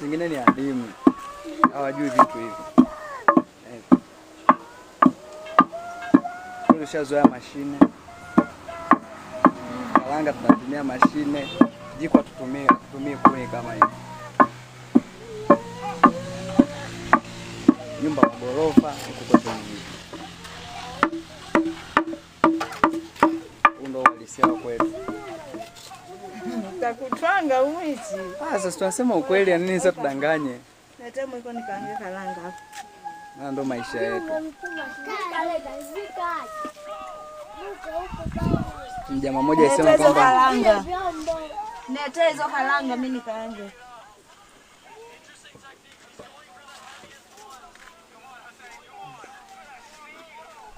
zingine ni adimu, hawajui vitu hivi. Eh. Tulishazoea mashine kalanga, tunatumia mashine, jiko hatutumii kuni kama hivi. nyumba ya ghorofa huko kwetu mjini. Ndio uhalisia kweli. Utakutwanga umwizi. Ah, sasa tunasema ukweli, ya yaani nini sasa tudanganye? hapo. Na ndo maisha yetu. Mjama mmoja alisema kwamba, niletee hizo karanga mimi nikaange